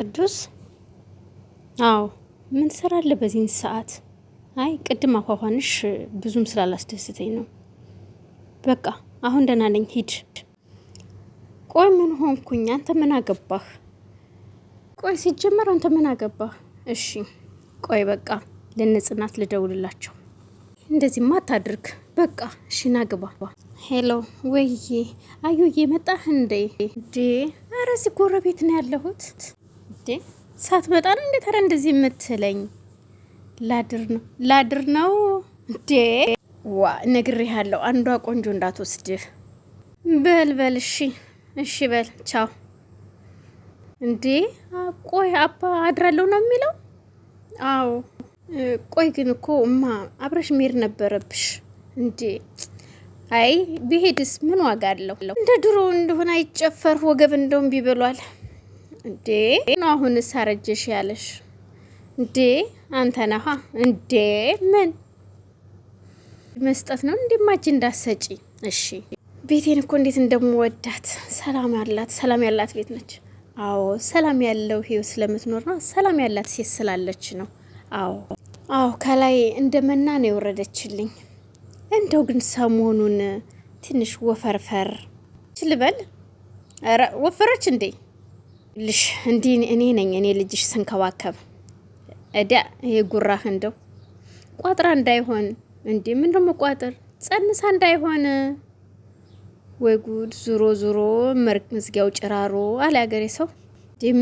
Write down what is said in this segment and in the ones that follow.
ቅዱስ አዎ ምን ስራ በዚህን ሰዓት? አይ ቅድም አኳኋንሽ ብዙም ስላላስደስተኝ ነው። በቃ አሁን ደህና ነኝ፣ ሂድ። ቆይ ምን ሆንኩኝ? አንተ ምን አገባህ? ቆይ ሲጀመር አንተ ምን አገባህ? እሺ ቆይ በቃ ለነ ልደውልላቸው። እንደዚህማ አታድርግ። በቃ እሺ ና ግባ። ሄሎ ወይዬ፣ አዩዬ መጣህ እንዴ? እንዴ ኧረ እዚህ ጎረቤት ነው ያለሁት። ሳትመጣ ነው እንዴ? ኧረ እንደዚህ የምትለኝ ላድር ነው ላድር ነው እንዴ? ዋ ነግሬሃለሁ፣ አንዷ ቆንጆ እንዳትወስድህ። በል በል እሺ እሺ በል ቻው። እንዴ ቆይ አባ አድራለሁ ነው የሚለው? አዎ ቆይ ግን እኮ እማ አብረሽ መሄድ ነበረብሽ እንዴ? አይ ብሄድስ ምን ዋጋ አለው? እንደ ድሮ እንደሆነ አይጨፈር ወገብ እንደውም ቢበሏል። እንዴ ነው አሁን ሳረጀሽ ያለሽ? እንዴ አንተ ነሃ እንዴ ምን መስጠት ነው እንዴ? እንዳሰጪ እሺ። ቤቴን እኮ እንዴት እንደምወዳት ሰላም ያላት ሰላም ያላት ቤት ነች። አዎ ሰላም ያለው ህይወት ስለምትኖር ነው። ሰላም ያላት ሴት ስላለች ነው። አዎ አዎ ከላይ እንደ መና ነው የወረደችልኝ። እንደው ግን ሰሞኑን ትንሽ ወፈርፈር ችልበል። ወፈረች እንዴ? ልሽ እንዲህ እኔ ነኝ እኔ ልጅሽ ስንከባከብ እዳ ይሄ ጉራህ እንደው ቋጥራ እንዳይሆን እንዲህ ምን ደሞ ቋጥር ጸንሳ እንዳይሆን ወይ ጉድ! ዙሮ ዙሮ መዝጊያው ጭራሮ አለ ያገሬ ሰው።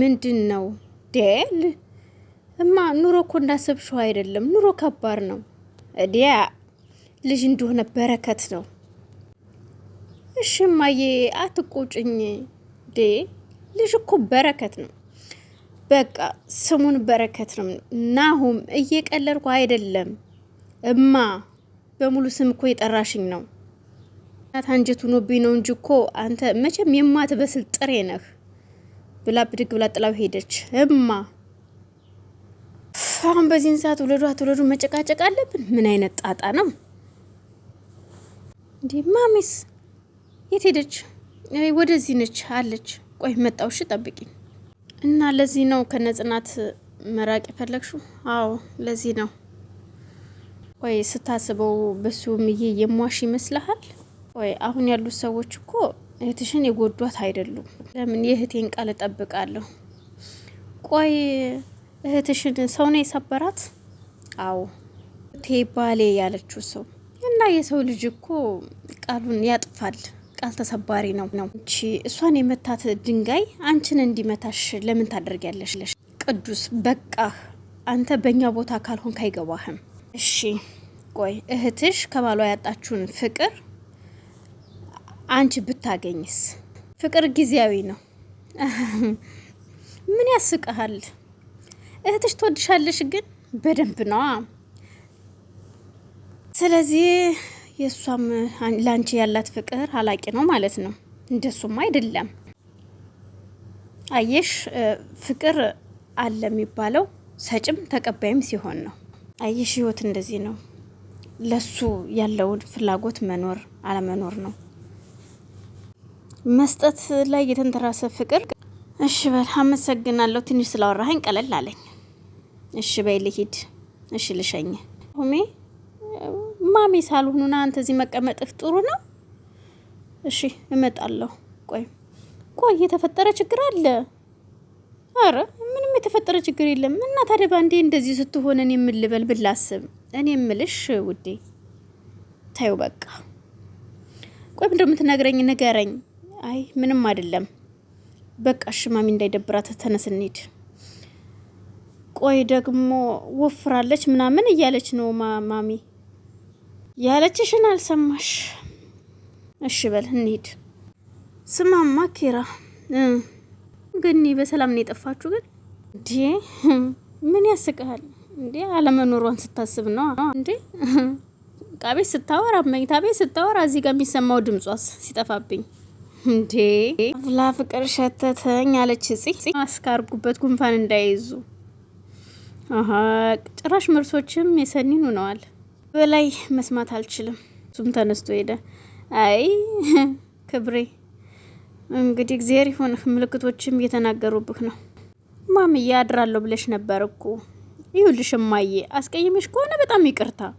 ምንድን ነው ደል እማ ኑሮ እኮ እንዳሰብሽው አይደለም። ኑሮ ከባድ ነው። እዲያ ልጅ እንደሆነ በረከት ነው። እሽማዬ አትቆጭኝ ዴ ልጅ እኮ በረከት ነው። በቃ ስሙን በረከት ነው። ናሁም እየቀለድኩ አይደለም እማ፣ በሙሉ ስም እኮ የጠራሽኝ ነው። አንጀቱ ኖቤ ነው እንጂ እኮ አንተ መቼም የማትበስል ጥሬ ነህ ብላ ብድግ ብላ ጥላው ሄደች። እማ አሁን በዚህን ሰዓት ውለዱ አትውለዱ መጨቃጨቅ አለብን? ምን አይነት ጣጣ ነው እንዴ? ማሚስ የት ሄደች? ወደዚህ ነች አለች። ቆይ መጣው፣ እሺ ጠብቂኝ። እና ለዚህ ነው ከነጽናት መራቅ የፈለግሽው? አዎ ለዚህ ነው። ቆይ ስታስበው በሱ ምዬ የሟሽ ይመስልሃል? ቆይ አሁን ያሉት ሰዎች እኮ እህትሽን የጎዷት አይደሉም። ለምን የእህቴን ቃል እጠብቃለሁ። ቆይ እህትሽን ሰው ነው የሰበራት? አዎ ቴ ባሌ ያለችው ሰው እና የሰው ልጅ እኮ ቃሉን ያጥፋል። ቃል ተሰባሪ ነው ነው እንቺ እሷን የመታት ድንጋይ አንቺን እንዲመታሽ ለምን ታደርጊያለሽ? ቅዱስ በቃ አንተ በእኛ ቦታ ካልሆንክ አይገባህም። እሺ ቆይ እህትሽ ከባሏ ያጣችሁን ፍቅር አንቺ ብታገኝስ? ፍቅር ጊዜያዊ ነው። ምን ያስቀሃል? እህትሽ ትወድሻለሽ ግን በደንብ ነዋ። ስለዚህ የእሷም ለአንቺ ያላት ፍቅር ሀላቂ ነው ማለት ነው። እንደሱም አይደለም። አየሽ ፍቅር አለ የሚባለው ሰጭም ተቀባይም ሲሆን ነው። አየሽ ህይወት እንደዚህ ነው። ለሱ ያለውን ፍላጎት መኖር አለመኖር ነው። መስጠት ላይ የተንተራሰ ፍቅር። እሺ በል አመሰግናለሁ። ትንሽ ስላወራኸኝ ቀለል አለኝ። እሺ በይ ልሂድ። እሺ ልሸኝ ሁሜ ሳልሆኑ ና አንተ እዚህ መቀመጥህ ጥሩ ነው። እሺ እመጣለሁ። ቆይ ቆይ የተፈጠረ ችግር አለ? አረ ምንም የተፈጠረ ችግር የለም። እና ታዲያ ባንዴ እንደዚህ ስትሆን እኔ ብላስብ ልበል እኔ የምልሽ ውዴ ታዩ በቃ ቆይ የምትነግረኝ ንገረኝ። አይ ምንም አይደለም። በቃ ሽማሚ እንዳይደብራት ተነስ እንሂድ። ቆይ ደግሞ ወፍራለች ምናምን እያለች ነው ማሚ ያለችሽን አልሰማሽ። እሺ በል እንሂድ። ስማማ ኪራ ግን በሰላም ነው የጠፋችሁ? ግን እንዴ ምን ያስቀሃል እንዴ? አለመኖሯን ስታስብ ነው እንዴ? ዕቃ ቤት ስታወራ፣ መኝታ ቤት ስታወራ፣ እዚህ ጋር የሚሰማው ድምጿስ ሲጠፋብኝ እንዴ አፍላ ፍቅር ሸተተኝ አለች። ጽ አስካርጉበት ጉንፋን እንዳይዙ ጭራሽ መርሶችም የሰኒን ሆነዋል። በላይ መስማት አልችልም። እሱም ተነስቶ ሄደ። አይ ክብሬ እንግዲህ እግዚአብሔር ይሁንህ፣ ምልክቶችም እየተናገሩብህ ነው። ማምዬ አድራለሁ ብለሽ ነበር እኮ ይሁልሽ። እማዬ አስቀይምሽ ከሆነ በጣም ይቅርታ